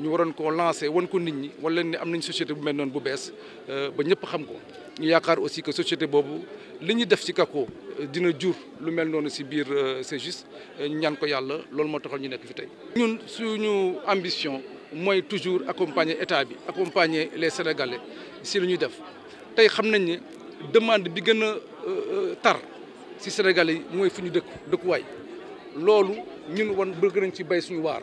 ñu waroon koo lancé wan ko nit ñi wala ni am nañ société bu mel noonu bu bees euh, ba ñëpp xam ko ñu yaakaar aussi que société boobu li ñuy def ci Kako euh, dina jur lu mel non ci bir euh, c'est juste ñaan ko yalla loolu mo taxal ñu nek fi tay ñun suñu ambition moy toujours accompagner état bi accompagner les sénégalais si lu ñu def tay xam nañ ni demande bi gëna tar ci sénégalais moy fuñu fu ñu dëkk dëkkuwaay loolu ñun wan bëgg nañ ci bay suñu war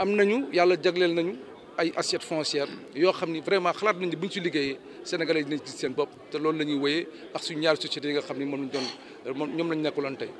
am nañu yàlla jagleel nañu ay assiette foncière yoo xam ni vraiment xalaat nañu bu ñu ci liggéeyee sénégalais dinañ ci seen bopp te loolu lañuy ñuy wéyee ak suñu ñaari sociétés nga xam ni moom lañ doon moom ñoom lañ nekkuloon tey